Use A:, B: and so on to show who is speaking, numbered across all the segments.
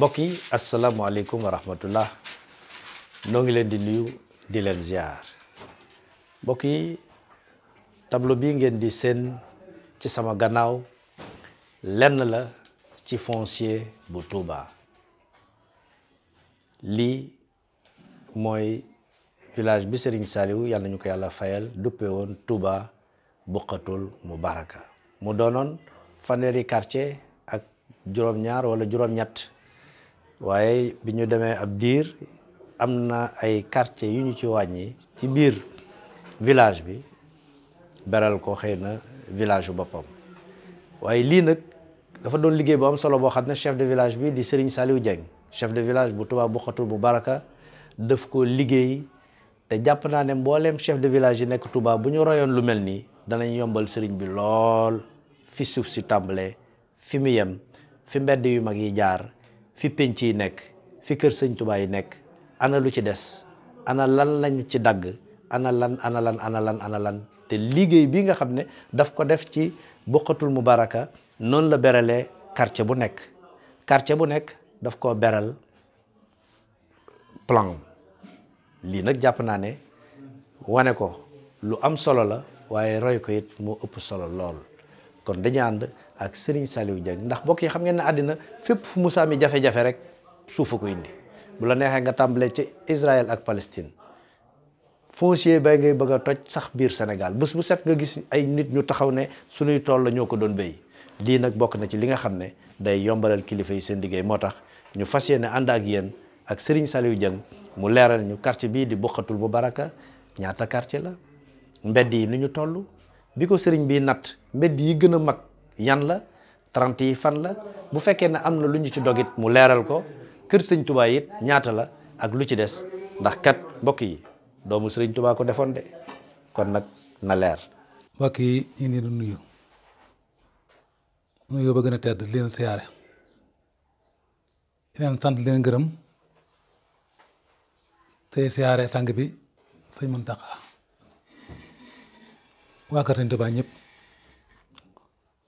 A: bokk yi
B: asalaamualeykum wa rahmatullah noo ngi leen di nuyu di leen ziar mbokk yi tableau bi ngeen di seen ci sama gannaaw lenn la ci foncier bu Touba lii mooy village bi sëriñ Saliou yàlla nañu ko yàlla fayal duppe woon Touba mu Moubaraka mu doonoon fanweeri quartier ak juróom-ñaar wala juróom-ñett waaye bi ñu demee ab diir am na ay quartier yu ñu ci wàññi ci biir village bi beral ko xëy na village bu boppam waaye lii nag dafa doon liggéey bu am solo boo xam ne chef de village bi di Serigne Saliou Dieng chef de village bu bu Touba Boukhatoul Moubaraka def ko liggéey te jàpp naa ne mbooleem chef de village yi nekk tubaab bu ñu royoon lu mel nii danañ yombal sëriñ bi lool fi suuf si tàmbalee fi mu yem fi mbedd yu mag yi jaar fi penc yi nekk fi kër sëñ Tuubaa yi nekk ana lu ci des ana lan lañu ci dagg ana lan ana lan ana lan te liggéey bi nga xam ne daf ko def ci Boukhatoul Moubaraka noonu la beralee karce bu nekk quartier bu nekk daf koo beral plan lii nag jàpp naa ne wane ko lu am solo la waaye roy ko it moo ëpp solo lool kon dañu ànd ak Serigne Saliou Dieng ndax bokk yi xam ngeen ne àddina fépp fu Moussa mi jafe-jafe rek suufa ko indi bu la neexee nga tàmbalee ci Israël ak Palestine foncier bay ngay bëgg a toj sax biir Sénégal bés bu set nga gis ay nit ñu taxaw ne suñuy tool la ñoo ko doon béy lii nag bokk na ci li nga xam ne day yombalal kilifa yi seen liggéey moo tax ñu fas yéene ànd ak yéen ak Serigne Saliou Dieng mu leeral ñu quartier bii di bokkatul bu baraka ñaata quartier la mbedd yi ni ñu toll bi ko sëriñ bi natt mbedd yi gën a mag yan la trente yi fan la bu fekkee ne am na lu ñu ci dogit mu leeral ko kër sëñ tubaa it ñaata la ak lu ci des ndax kat mbokk yi doomu sëriñ tubaa ko defoon de kon nag na leer
A: mbokk yi ñu ngi leen nuyu nuyu ba gën a tedd leen siyaare leen sant leen gërëm tey siyaare sang bi sëñ Muntaxa waa kër Sëñ Tuubaa ñëpp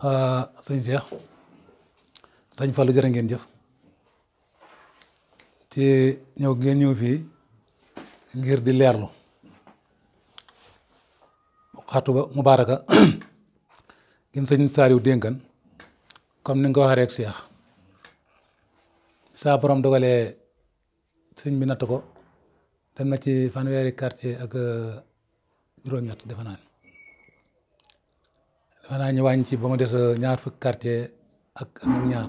A: ah, sëñ Cheikh sëñ Fallou jërë ngeen jëf ci ñëw ngeen fii ngir di leerlu xatuba mubaaraka gin sëñ Saaliw dénkan comme ni nga ko waxee rek Cheikh saa borom dogalee sëñ bi natt ko dem na ci fanweeri quartier ak euh, juróom-ñett defe naa xanaa ñu wàññi ci ba mu des euh, ñaar fukki quartier ak ak ñaar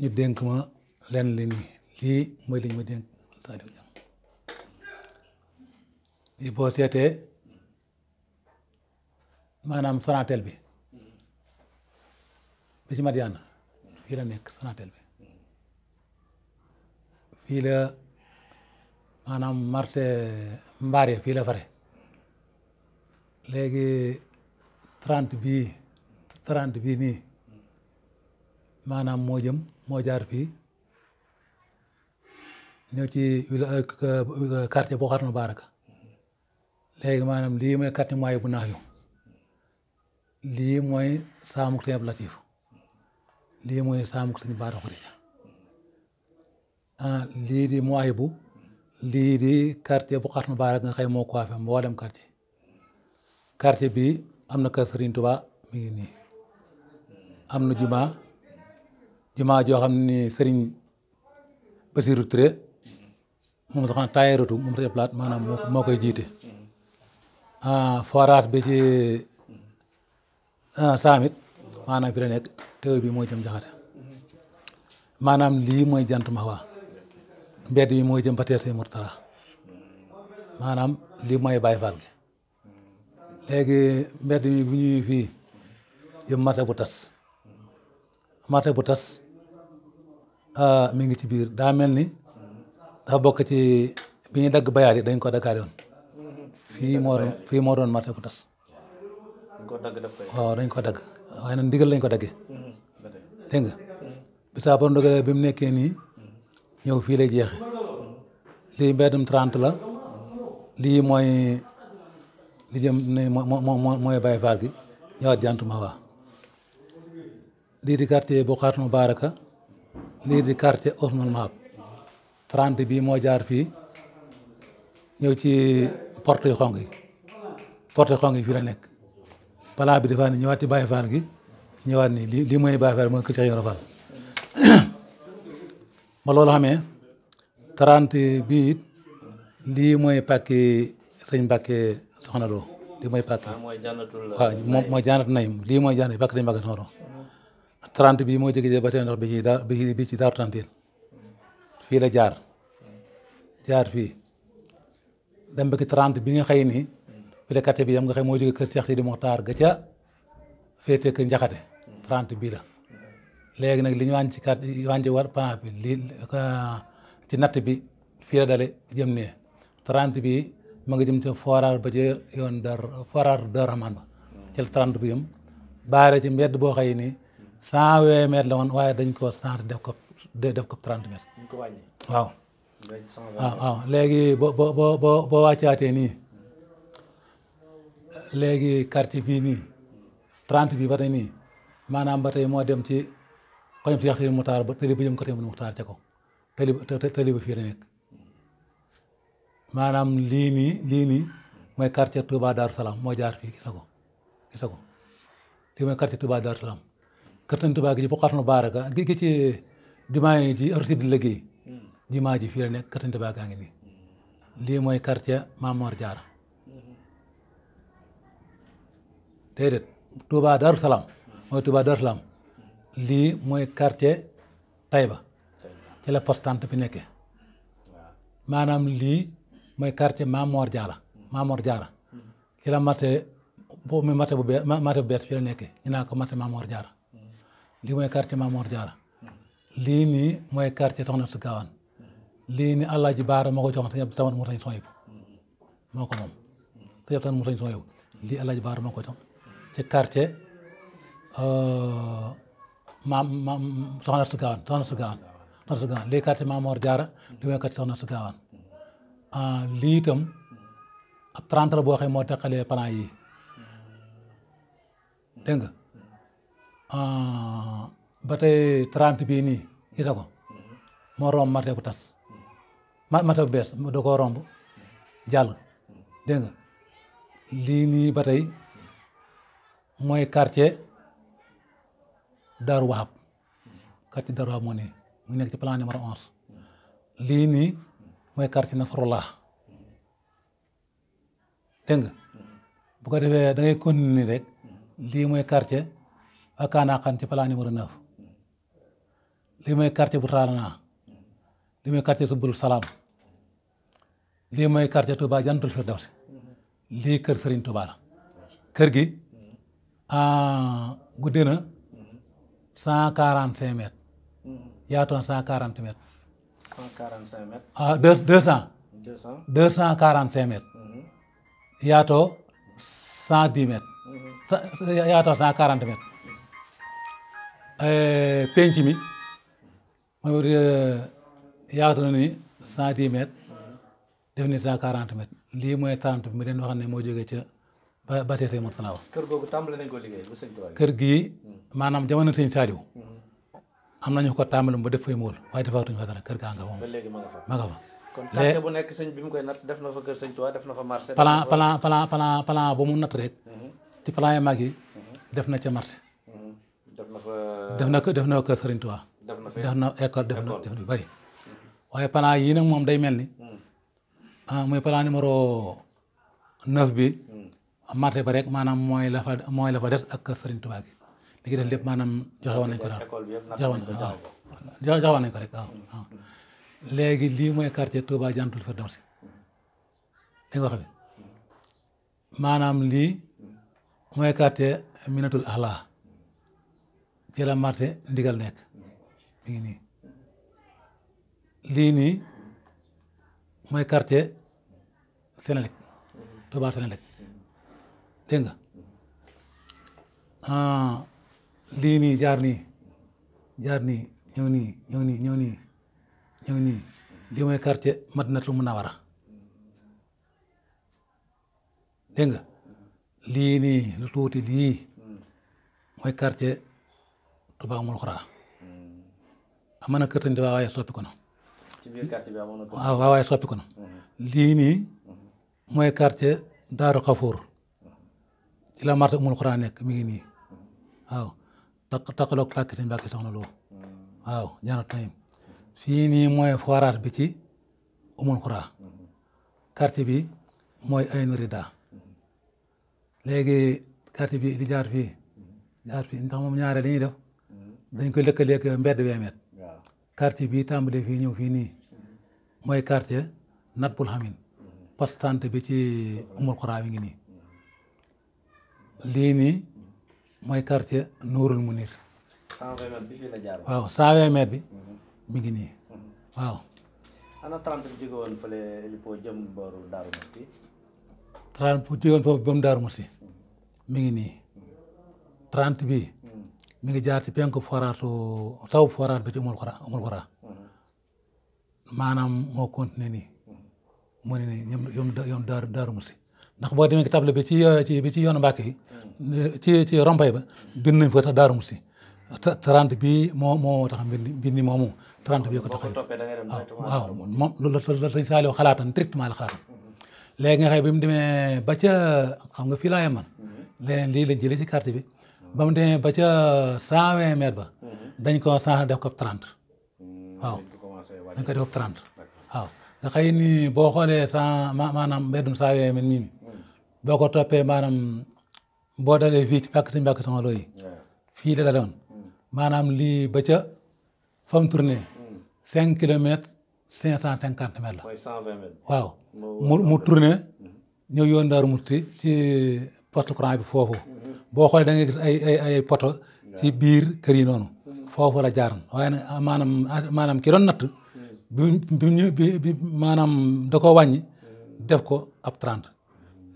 A: ñu dénk ma lii mooy li ñu ma dénk Saliou Dieng lii boo seetee maanaam Sonatel bi bi ci Madiana fii nekk Sonatel bi fii la maanaam marché Mbaare fii la fare léegi trente bii trente bii nii maanaam moo jëm moo jaar fii ñëw ci euh, quartier boo xarnu Baraka léegi maanaam lii mooy quartier mooy bu naax yu lii mooy saamuk sëñ Abdou Latif lii mooy saamuk sëñ Bara Khourédia ah, lii di mooy bu lii di quartier bu xarnu Baraka nga xëy moo ko waa fi mboolem quartier quartier bi am na kër Serigne Touba mi ngi nii am na jumaa jumaa joo xam ne Serigne Bassirou Touré moom sax na taayeeratu moom sax plaat maanaam moo koy jiite ah, forage bi ci ah, saamit maanaam fi la nekk teew bi mooy jëm jaxate maanaam lii mooy jant Mahwa mbedd bi mooy jëm ba teer Murtala maanaam lii mooy Baye Fall gi léegi mbedd mi bu ñuy fii yëpp marché bu tas marché bu tas mi ngi ci biir daa mel ni daa bokk ci bi dagg bayaat yi dañ koo daggaale woon fii moo doon fii moo doon bu tas waaw dañ koo dagg waaye nag ndigal lañ ko daggee mm-hmm. dégg nga bisaa ba ndogalee bi mu nekkee nii ñëw fii lay jeexe mm-hmm. lii mbeddum 30 la lii mooy di jëm ne moo mooy Baye Fall gi ñëwaat jantuma waa lii di lii di quartier Ousmane Mahab 30 bii moo jaar fii ñëw ci porte yu xong yi porte yu yi fii la nekk bi dafa ne ñëwaat ci Baye Fall gi ñëwaat nii lii lii mooy Baye Fall mooy kër Cheikh Yoro Fall ba loolu xamee 30 lii mooy pàkki sëñ Mbàkke Soxna Lo lii mooy pàkk waaw moom mooy jaanatu Naym lii mooy jaanatu pàkk dañu pàkk bii moo jógee ba tey ndox bi ci daa fii la jaar jaar fii dem ba ki trente bi nga xëy ni fii la quartier bi yam nga xëy moo jógee kër Cheikh Sidi Mokhtar ga ca féete kër Njaxate trente bii la léegi nag li ñu wàññi ci quartier wàññi war plan bi lii ci natt bi fii la dale jëm ne trente bii ma nga jëm ca fooraar ba ca dar fooraar dar ramaan ba ci la trente bu yëm ci mbedd boo xëy ni cent vingt mètres la woon waaye dañ ko cent def ko def ko trente mètres waaw waaw ah, waaw ah, léegi bo bo bo boo wàccaatee ni léegi quartier bii nii trente bii ba tey nii maanaam ba tey moo dem ci xoñam si yax si Muxtaar ba tëli ba jëm côté Muxtaar ca ko tëli ba tëli ba fii la nekk maanaam lii nii lii nii mooy quartier Touba Darou Salaam moo jaar fii gis ko gis ko lii mooy quartier Touba Darou Salaam kër Sëñ Touba gi ci Bokatouna Baraka ci jumaa yi jumaa ji fii la nekk kër Sëñ Touba gaa ngi nii lii mooy quartier Mamor Diarra déedéet Touba Darou mooy Touba Darou lii mooy quartier Taïba ci la poste bi nekkee maanaam lii. mooy quartier Mamor Diarra Mamor Diarra ci la bu muy marché bu bees marché nekke bees fi la nekkee ñu naan ko marché Mamor Diarra lii lii mooy quartier Soxna su Gaawaan lii nii Alaaji Baara moo ko joxoon sëñ lii Alaaji Baara moo ko jox ci quartier euh, maam maam Soxna su Gaawaan Soxna su Gaawaan lii quartier Mamor Diarra lii mooy quartier Ah, lii itam ab trente la boo xam moo teqalee plan yi dégg nga ah, ba tey trente bii nii gis ko moo romb mate bu tas mate bu bees da koo romb jàll dégg nga lii mooy quartier Darou Wahab quartier Darou Wahab moo nii nekk ci plan numéro onze lii mooy quartier Nasrullah dégg nga bu ko defee da ngay continuer rek lii mooy quartier Akaanaakaan ci plan numéro 9 lii mooy quartier bu Taalana lii mooy quartier Subul Salaam lii mooy quartier Touba Jannatul Firdaws lii kër Serigne Touba la kër gi ah, guddee na cent quarante yaaton mètres yaatoon cent
B: 145 mètres. ah deux deux cent. deux cent deux cent quarante cinq mètres.
A: Mm-hmm. yaatoo cent dix mètres. Mm-hmm. yaatoo cent quarante mètres. Eh, penc mi mooy euh, yaatu na ni cent dix mètres mm-hmm. def ni cent quarante mètres lii mooy trente bi mu leen wax ne moo jógee ca ba ba tey Murtala
B: kër googu tàmbali nañ ko liggéey bu sëñ kër
A: gii maanaam jamono sëñ Saaliw am nañu ko tàmbali mu ba léegi ma nga fa ma nga fa kon quartier bu
B: nekk sëñ bi mu koy natt def na fa kër sëñ Tuubaa def na fa marché palaa palaa
A: plan plan plan ba mu natt rek mhm. ci plan yi mag mhm. def na ca marché
B: mhm. def na fa def na def na def na école def na def
A: waaye palaa yii nag moom day mel ni ah palaa plan numéro neuf bi marché ba rek maanaam mooy la fa mooy la fa des ak gi li ci def lépp maanaam joxe woon nañ ko daal joxe woon nañ ko léegi lii mooy quartier Touba Jannatul Firdawsi li nga wax maanaam lii mooy quartier Minatul ci la marché ndigal nekk mi ngi lii nii mooy quartier Sénélec Touba Sénélec dégg nga ah. lii nii jaar nii jaar nii ñëw nii ñëw nii ñëw nii ñëw nii lii mooy quartier Madinatul Munawara dégg lii nii lu tuuti lii mooy quartier Touba Oumoul Khoura amoon na kër Sëñ Tuubaa waaye soppi ko na.
B: ci biir quartier bi amoon na soppi ko mhm.
A: lii nii mooy quartier Daaru Xafoor ci la marché Oumoul Khoura nekk mi ngi nii takk takkaloog pàkkitin Mbàkke soxna Lo waaw Jannatul Nahim fii nii mooy forage bi ci Umul Xuraa bi mooy Aynu Rida léegi quartier bi di jaar fii jaar fii ndax moom ñaare dañuy def dañ koy lëkkaleeg mbedd weemeet quartier bi tàmbalee fii ñëw fii nii mooy quartier Natbul Hamin poste santé bi ci Umul Xuraa mi ngi nii lii nii mooy quartier Nourul Mounir.
B: 120 mètres bi fii la jaar. bi
A: mi ngi nii waaw.
B: ana 30 bi jóge woon fële Elipo jëm booru
A: Darou Moussi. ngi nii 30 bi mi ngi jaar ci penku foraatu taw foraat bi umul xora umul xora maanaam moo continué mu ne nii ñoom ñoom Darou ndax boo demee table bi ci ci bi ci yoonu Mbàkke yi ci ci rompay ba bind nañ fa tax Daaru Muxti trente bi moo moo tax mbind moomu bi ko tax waaw moom loolu la sëñ Saliou xalaatan directement la xalaatan léegi nga bi mu demee ba ca xam nga fii laa yemoon leneen lii la jëlee ci carte bi ba mu demee ba ca cent vingt mètres ba dañ ko changé def ko trente waaw dañ ko def ko trente waaw nga xëy ni boo xoolee cent maanaam mbeddum cent vingt mètres mii boo ko toppee maanaam boo dalee fii ci pàkk si looyi fii la daloon mm. maanaam lii ba ca fa mu tourné mm. cinq kilomètres cinq cent cinquante mètres la. mooy cent mu mu mm-hmm. ci poste courant bi foofu mm-hmm. boo xoolee da ngay gis ay ay ay poto ci biir kër yi noonu mm-hmm. foofu la jaaroon waaye nag ah, maanaam ah, maanaam ki doon mm. bi bi bi maanaam da koo wàññi ko ab trente.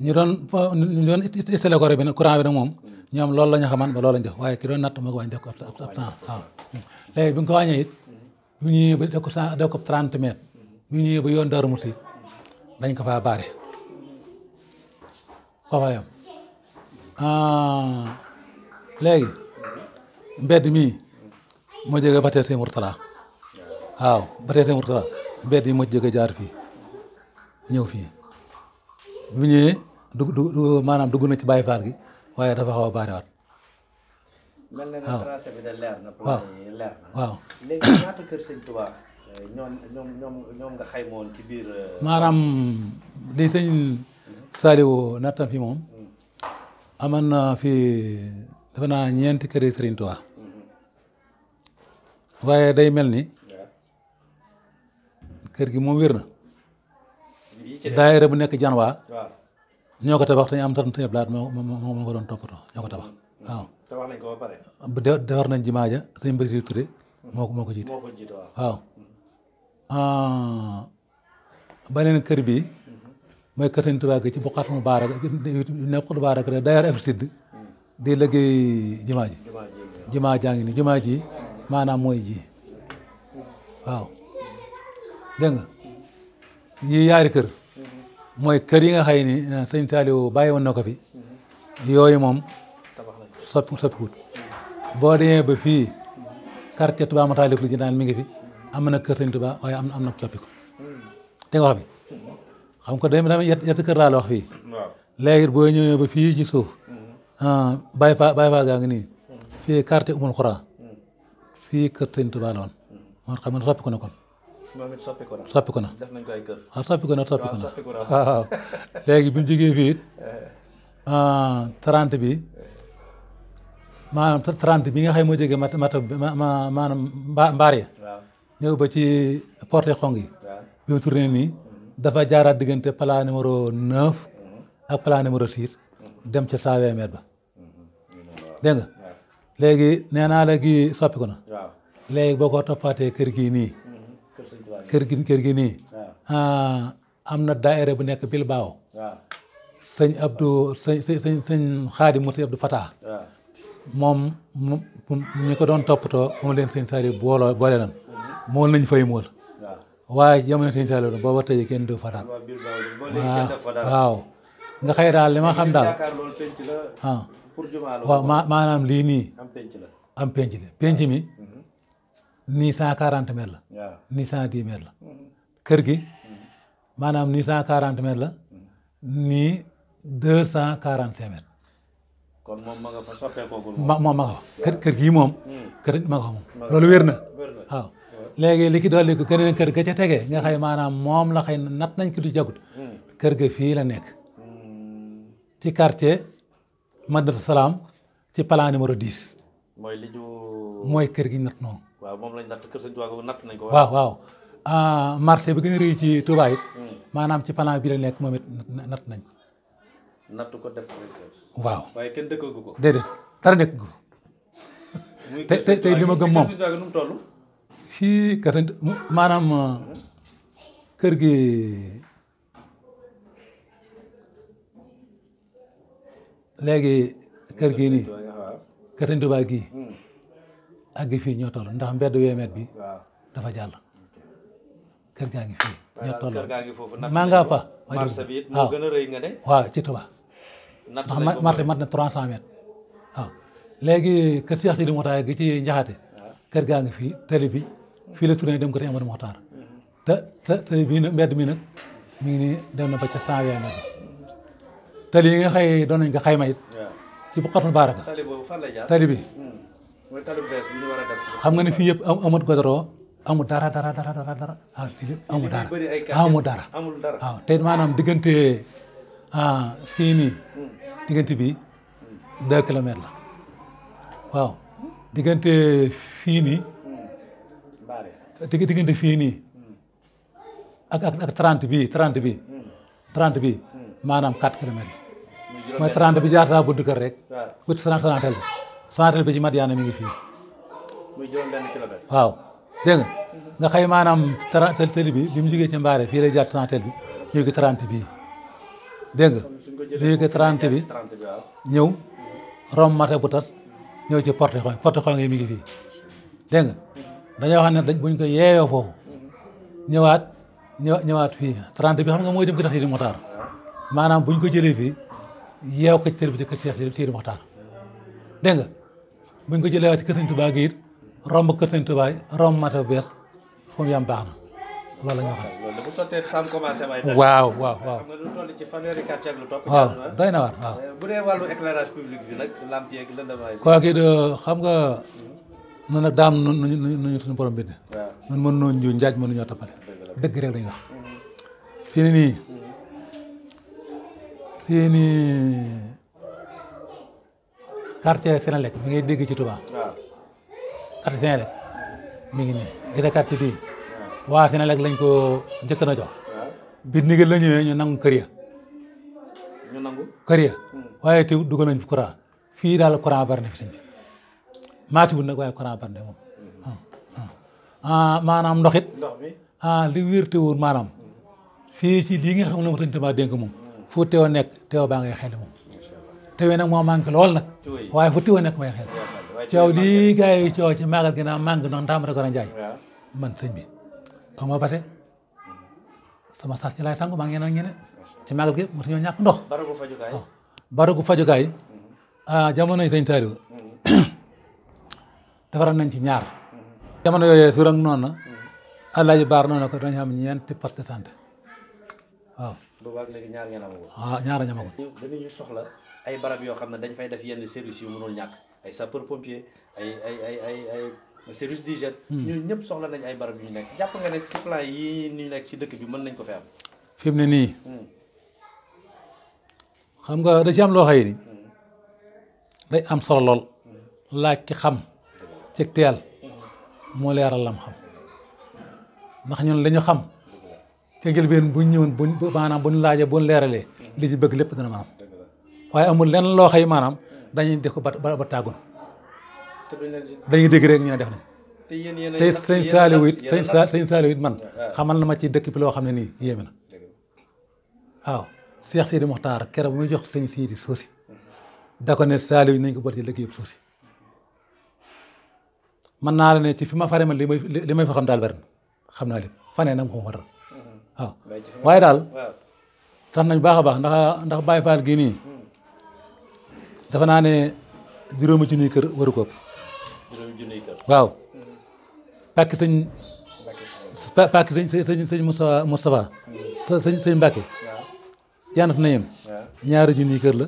A: ñu doon ñu doon installé ko bi nag courant bi nag moom ñoom loolu la ñu xaman ba loolu lañ def waaye ki doon natt moo ko wàññi def ko ab temps waaw léegi bi nga ko wàññee it bu ñu ñëwee ba def ko cent def ko trente mètres bu ñu ñëwee ba yoon Darou Moussi dañ ko faa baare foofa yam ah, léegi mbedd mii moo jógee ba teesee Mourtala waaw ba teesee Mourtala mbedd yi moo jógee jaar fii ñëw fii bu ñëwee dugg dugg na ci Baye Fall gi waaye dafa xaw a baariwaat.
B: mel euh, ci biir. Euh,
A: maanaam li sëñ Saliou moom. Mm-hmm. amoon na fi defe naa ñeenti kër yi mm-hmm. day mel ni. kër gi moom wér na. daayira bu nekk janwaa ñoo ko tabax te ñu am tan Sëñ Abdou Lahad moo moo moo ko doon toppatoo ñoo nañ ko ba pare. bu defar nañ jumaa ja Sëñ Basiru Ture moo ko moo ko jiite waaw. Ah, beneen kër bi mooy kër Sëñ Tuubaa gi ci Buqaatul Mubaaraka nekkul Mubaaraka rek d'ailleurs Sud di liggéey jumaa ji. jumaa jaa ngi nii ji maanaam mooy ji waaw dégg nga yaari kër. mooy kër yi nga xëy ni eh, sëñ Saliou bàyyi woon na ko fi yooyu moom soppi soppiwut boo demee ba fii quartier Touba Mataalib li naan mi ngi fi am na kër sëñ Touba waaye am am na coppiku dégg nga wax bi xam nga dem tamit yetti kër laa la wax fii léegi boo ñëwee ba fii ci suuf mm-hmm. ah, Baye Fall gaa ngi nii mm-hmm. fii quartier Oumoul Khoura mm-hmm. fii kër sëñ Touba la woon moo xam ne soppiku na kon moom it soppiku na soppiku na. def nañ ko ah, na soppiku na waaw ah, léegi bu ñu jógee fii it ah, bi maanaam trente bi nga xam ne moo jógee mat mat maanaam mbaar ya. ñëw ba ci porte xong yi. bi nii. Mhm. dafa jaaraat diggante plat numéro neuf. Mhm. ak plat numéro six. Mhm. dem ci saa weemeet ba. dégg nga léegi nee gi soppiku na. léegi boo ko toppaatee kër gii nii. kër gi kër gi nii ah, am na daayira bu nekk Bilbao sëñ Abdou sëñ sëñ sëñ xaadi mu sëñ fata moom ñu ko doon toppatoo moom leen sëñ Saliou booloo boole nan mhm. moom lañ fay mool waaye jamono sëñ Saliou la booba tey kenn du fa daal waaw nga xam daal
B: ah. lii nii
A: am penc la am mi nii cent quarante mètres la. waaw nii cent dix mètres la. kër gi maanaam nii cent quarante mètres la nii deux cent quarante cinq mètres.
B: kon moom ma nga fa soppeekoo. ma moom ma nga fa kër kër gii moom. Hmm. kër loolu wér na. waaw
A: léegi li ki dolli kër ga ca tegee nga xay maanaam moom la xay nat nañ ki du jagut. Hmm. kër ga fii la nekk. Hmm. ci quartier Madinatoul Salam ci plan numéro 10.
B: mooy li ñu. mooy kër gi nat noonu. waaw moom lañ natt kër sëñ Tuubaa ko natt nañ ko. waaw waaw
A: ah, marché bi gën a rëy ci Touba it. Hmm. maanaam ci panaa bi la nekk moom it natt nañ ko.
B: natt ko def ko. waaw waaye kenn dëkkagu ko. déedéet
A: dara nekk gu. kër gi muy kër sëñ Tuubaa gi nu mu toll. si kër uh, kër gi. léegi kër gii nii àgg fii ñoo toll ndax mbedd weemet bi dafa jàll kër gaa ngi fii ñoo toll maa ngaa fa marché bi a rëy nga ne waaw ci Tuba ndax marché mat na trois cent mètres waaw léegi kër Cheikh Sidi Mokhtar gi ci Njaxate kër gaa ngi fii tali bi fii la tourné dem ko te Amadou Mokhtar te te tali bii nag mbedd mi nag mi ngi nii dem na ba ca cent vingt mètres yi nga xay doon nañ ko xayma it ci bu xatul baaraka tali bi hmm. xam nga ne fii yëpp amut goudron amul dara dara dara dara dara waaw ah, fii yëpp amul dara amul dara waaw ah, te maanaam diggante ah, fii nii hmm. diggante bi deux kilomètres la waaw diggante fii nii hmm. diggante fii nii hmm. ak ak ak trente bii trente bii trente bii maanaam quatre kilomètres la mooy trente bi jaartaa budd kër rek ut trente trente la centre bi ci Madiana mi ngi fii. waaw dégg nga nga xëy maanaam trente tëli bi bi mu ci Mbaare fii lay jàpp bi ñu ngi trente bii dégg nga. bi ñëw rom mata bu tas ñëw ci porte xooñ porte mi ngi fii dégg nga dañoo xam ne dañ buñ ko yeeyoo foofu ñëwaat ñëwaat fii trente bi xam nga mooy dem ko tax Sidi Moxtaar maanaam buñ ko jëlee fii yeew ko tër bi ci kër buñ ko jëlee waat ci kër Sëñ Tuubaa gi it romb kër Sëñ Tuubaa romb mata bu bees fu mu yam baax na loolu la ñu wax.
B: loolu bu sottee sam commencé may. waaw waaw waaw. xam nga lu toll ci fanweeri doy na waar waaw. Eh, bu dee wàllu éclairage public bi nag lamp yeeg lëndamaay bi. kooku it euh,
A: xam nga noonu daam nu nu ñu suñu borom bi. waaw ñun dëgg rek la ñuy wax. Mm-hmm. fii nii fii nii. quartier Senelec bi ngay dégg ci Touba. waaw quartier Senelec mi ngi nii gis nga quartier bii waa Senelec lañ ko njëkk na jox. bi ndigal la ñëwee ñu nangu kër ya. ñu hmm. waaye te dugg nañ courant fii daal courant bari na fi sëñ bi marché bu nag waaye courant bari na moom. Hmm. Hmm. Ah, maanaam ndox it. ndox mi ah li wér te wóor maanaam. fii ci lii na xam ne moom sëñ Tuubaa dénk moom. fu teew nekk teew baa ngay xel moom. te nag moo manqué lool nag waaye fu tiwa nekk may xel coow lii gars yi coow ci maagal gi naa manqué noonu taamata ko a njaay man sëñ bi aw ma bate sama saas ci laay sangu maa ngi ñeneen ci maagal gi mu ñoo ñàkk ndox baragu fajukaay oh, mhm. ah jamono yi sëñ Taaliw mhm. defaral nañ ci ñaar mhm. jamono yooyee su rang noonu na alaaji baar noonu ko dañ am ñeenti poste de santé waaw
B: ñaar ah, ñaar a ñamagul dañuy soxla ay barab yoo xam ne dañ fay def yenn service yu mënul ñàkk ay sapeur pompier ay ay ay ay ay service d'hygiène hmm. ñëpp soxla nañ ay barab yu ñu nekk jàpp nga ne ci plan yi ñu nekk ci dëkk bi mën nañ ko fi am fi mu ne nii hmm.
A: xam nga da ci am hmm. day am solo lool laaj ki xam ci teel moo leeral lam xam ndax ñun lañu xam ca jël benn bu ñëwoon bu maanaam bu ñu laajee bu ñu leeralee li ñu bëgg lépp dana maanaam waaye amul lenn loo xëy maanaam dañuy def ko ba ba tàggun
B: dañuy dégg rek ñu ne def
A: nañ te sëñ Saaliw it sëñ man xamal na ma ci dëkk bi loo xam ne nii yéeme na waaw Cheikh Sidi Mokhtar keroog muy jox sëñ Sidi suuf si da ko ne Saaliw nañ ko bari ci suuf si naa la ne ci fi ma fare ma li may li may fa xam daal bari xam naa lépp fane na mu ko waral mm-hmm. waaw waaye daal tax nañ baax a baax ndax ndax Baye Fall gii dafa naa ne juróomi junniy kër waru ko ëpp. juróomi junniy kër. waaw. Mm-hmm. pàkk sëñ. pàkk sëñ sëñ sëñ Moustapha Moustapha. Mm-hmm. sëñ sëñ Mbacke. waaw jaanat na yem. ñaari junniy kër la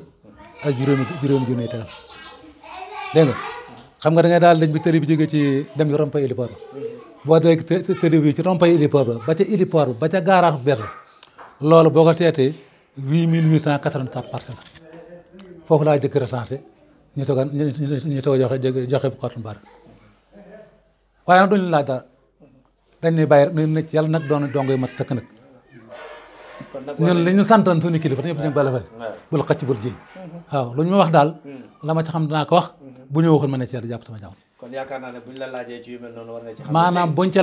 A: a juróomi juróomi junniy taal. dégg nga xam nga da ngay daal dañ bi tëri bi ci dem ci rompay héliport mm-hmm. boo dee tëri bi ci rompay héliport ba ba ca héliport ba ba ca gaaraatu Berlin loolu boo ko seetee huit mille huit cent quatre-vingt-quatre parcelles foofu laa jëkk recensé ñu toog a ñu toog a joxe joxe bu xottu mbaar waaye nag duñu laaj dara dañ ne bàyyi rek ñu ne yàlla nag doon dongo yu mat sëkk nag
B: ñun li ñu santan
A: suñu kilifa dañu dañu balafal bul xëcc bul ji mm-hmm. waaw lu ñu ma wax daal mm-hmm. la ma ci xam dinaa ko wax mm-hmm. bu ñu waxul ma ne ci yàlla jàpp sama jàmm
B: kon yaakaar naa ne buñ la laajee ci xam maanaam buñ ca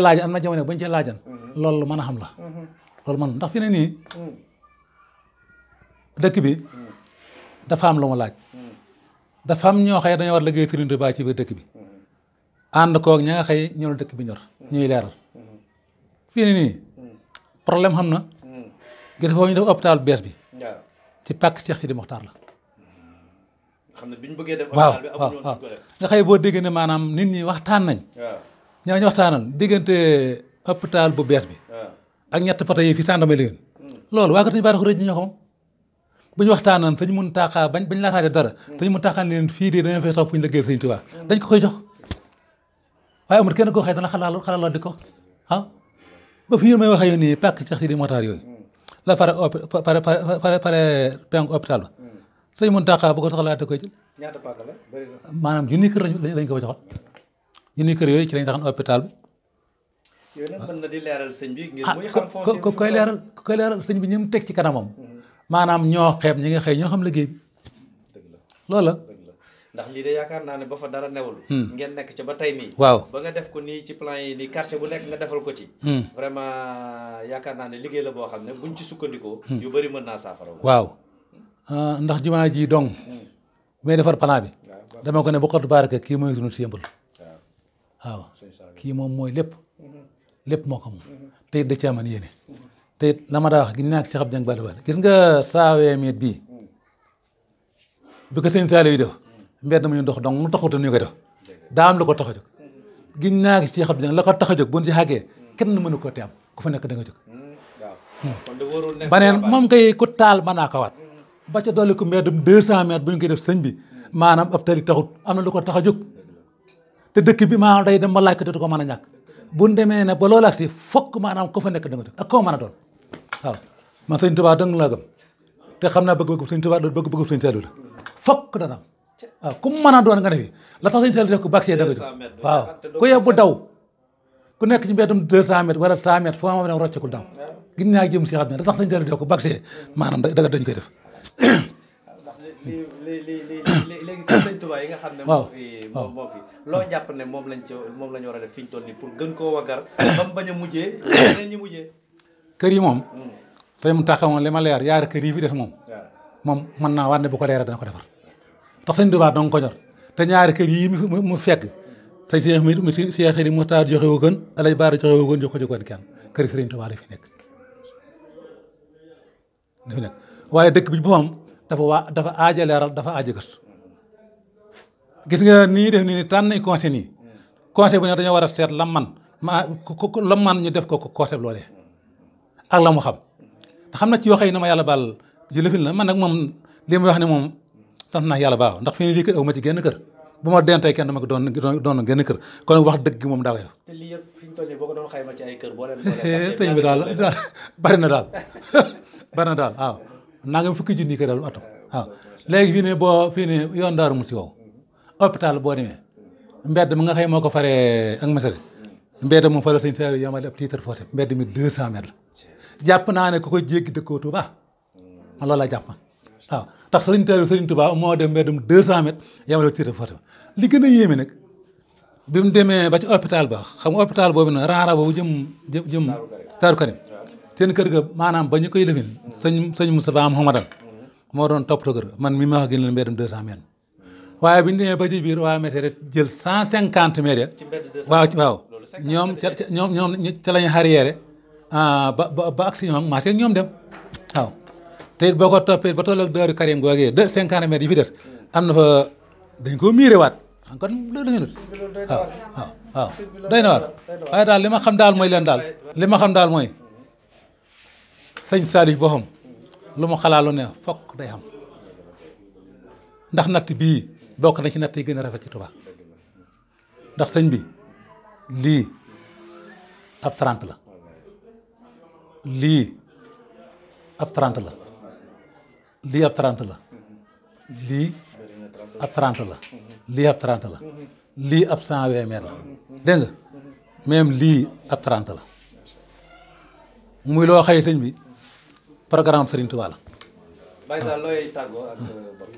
A: na a ndax fi ne nii mm. dëkk dafa am lu mu laaj dafa am ñoo xëy dañoo war liggéey Sëriñ Tuubaa ci biir dëkk bi ànd koog ña nga xëy ñëw dëkk bi ñor ñuy leeral fii nii nii problème xam na gis foofu ñu def hôpital bi ci pàkk Cheikh Sidi la
B: xam ne bi bëggee def hôpital bi amuñu
A: woon ne maanaam nit ñi waxtaan nañ ñoo ñu waxtaanal diggante hôpital bu bees bi ak ñett pata yi fi sàndama liggéen hmm. loolu waa ko tañu baata ko rëj ñi ñoo ko bu ñu waxtaanoon sëñ Muntaxa bañ bañ laataa def dara sëñ Muntaxa ne leen fii de dana fay toog fu ñu liggéeyal sëñ Tuubaa dañ ko koy jox waaye amul kenn koo xëy dana xalaal xalaaloon di ko ah ba fii yooyu la pare pare pare pare penku hôpital ba sëñ Muntaxa bu ko soxlaa da koy jël maanaam junni kër lañ ko ba joxal junni yooyu ci lañ taxan hôpital bi
B: yooyu nag mën na di leeral sëñ bi ngir
A: ah, muy teg ci kanamam maanaam ñoo xeeb ñi nga xëy ñoo xam liggéey bi loolu la.
B: ndax lii de yaakaar naa ne ba fa dara newul. Hmm. ngeen nekk ca ba tey nii. waaw ba nga def ko nii ci plan yi nii quartier bu nekk nga defal ko ci. Hmm. vraiment yaakaar naa ne liggéey la boo xam ne buñ ci sukkandikoo. Hmm. yu bëri mën naa saafara.
A: waaw ah, ndax jumaa ji dong. may defar plan bi. dama ko ne bu xottu baraka kii mooy sunu symbole. waaw kii moom mooy lépp. lépp moo ko moom. tey da cee amoon yéene. te it la ma wax gi naa ak Cheikh Abdou Dieng Bada Bada gis nga saawee meet bii bi ko sëñ Saliou yi def mbedd dama ñu dox donc mu taxutoon ñu koy am la ko tax gi naa ak Cheikh Abdou Dieng la ko tax a jóg bu ñu ci xàggee kenn mënu ko te am ku fa nekk da nga jóg hmm, baneen hmm. moom kay ku taal mën naa kawaat ba ca dolli ku mbeddum deux cent mètres ñu koy def sëñ bi maanaam ab tali taxut am na lu ko tax a jóg te dëkk bi ma day dem ba laaj ko dootu ko mën a ñàkk bu ñu demee ne ba loolu ak si fokk maanaam ko fa nekk da nga jóg ak koo mën a doon waaw man sëñ Tuubaa dëng laa gëm te xam naa bëgg-bëgg sëñ Tuubaa doon bëgg-bëgg sëñ Saliou la fokk dana am waaw ku mu doon nga ne fi la tax sëñ Saliou def ko bàqsee da nga jóg waaw ku daw ku nekk ci mbeddum 200 mètres wala 100 mètres foo ma ne naa jëm si xam ne la tax sëñ ko bàqsee maanaam da nga dañ koy def
B: léegi sëñ Tuubaa yi nga xam ne moo fi loo jàpp ne moom lañ ci moom lañ war a def fi ñu toll nii pour gën koo wagar ba mu bañ a mujjee ñi mujjee
A: kër yi moom sëñ mm. mu taxa moom li ma leer yaar kër yi fi des moom moom mën naa waat ne bu ko leeral dana ko defar tax sëñ Tuubaa dong ko ñor te ñaari kër yi mu fekk sëñ Cheikh mi mu Cheikh yi mu taar joxe wu gën alay baara joxe wu gën jox ko jogoon kenn kër yi sëriñ Tuubaa la fi nekk la fi nekk waaye dëkk bi boppam dafa waa dafa aaja leeral dafa aaja gëstu gis nga nii def nii tànn conseil nii mm. conseil bu ne dañoo war a seet lam man ma lam man ñu def ko conseil loolee ak la mu xam te xam na ci yoo xëy na ma yàlla baal jëlëfin na man nag moom li may wax ne moom sant na yàlla baaw ndax fi ni kër aw ma ci genn kër bu ma dentee kenn dama ko doon doon genn kër kon wax dëgg moom daa koy def.
B: te lii yëpp fi ci ay kër boo leen sëñ bi daal daal bari na daal
A: daal waaw naa nga fukki junni kër daal atum waaw léegi fii ne boo fii yoon daaru mu si wow hôpital boo demee mbedd mi nga xëy moo ko faree ak masari mbedd moom fa la sëñ yamale ab titre foosé mbedd mi deux cent la jàpp naa ne ku ko jéggi dëkkoo Touba mm. man loolu laa jàpp man waaw ndax sëriñ Tuubaa sëriñ Tuubaa moo dem ba dem deux cent mètres yamale tiir fa li gën a yéeme nag bi mu demee ba ci hôpital ba xam nga hôpital boobu na raara boobu jëm jëm jëm Daaru Karim seen kër ga maanaam ba ñu koy lëfin mm. sëñ sëñ Moustapha Mouhamadan mm. moo doon toppatoo kër man mi ma wax gën leen ba dem deux cent waaye bi ñu demee ba ci biir waa météo jël cent cinquante mètres waaw waaw ñoom ca ñoom ñoom ca la ñu arrière Ah, ba ba ba agsi ñoom marché ñoom dem waaw boo ko toppee ba tolloog Daaru Karim googee deux cinquante mètres yi fi des am na fa dañ koo miiré waat kon loolu la ñu nut waaw waaw waaw doy na waar waaye daal li ma xam daal mooy leen daal li ma xam daal mooy sëñ Salif boo xam lu mu xalaalu ne fokk day xam ndax natt bii bokk na ci natt yi gën a rafet ci Tuubaa ndax sëñ bi lii ab trente la lii ab 30 la lii ab 30 la lii ab 30 la lii ab 30 la lii ab 100 WMR la dégg nga lii ab 30 la muy loo xay sëñ bi programme Serigne Touba a
B: Baye euh,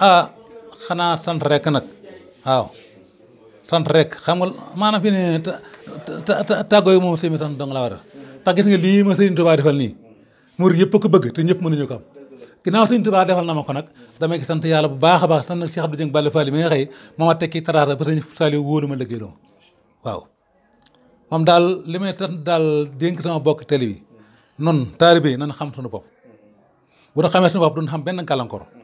A: ah, xanaa sant rek nag waaw sant rek xam nga maanaam fi ne tàggoo yi moom sëñ bi sant dong laa war a tax gis nga lii ma Sëriñ Tuubaa defal nii murid yëpp ko bëgg te ñëpp mënuñu ko am ginnaaw Sëriñ Tuubaa defal na ma ko nag damay ki sant yàlla bu baax a baax sant nag Cheikh Abdou Dieng Balla Fall mi nga xëy moo ma tekki taraata ba Sëriñ Saliou wóolu ma liggéey loo waaw moom daal li may sant daal dénk sama bokk télé bi noonu taalibe yi nan xam suñu bopp bu ñu xamee suñu bopp duñ xam benn gàllankoor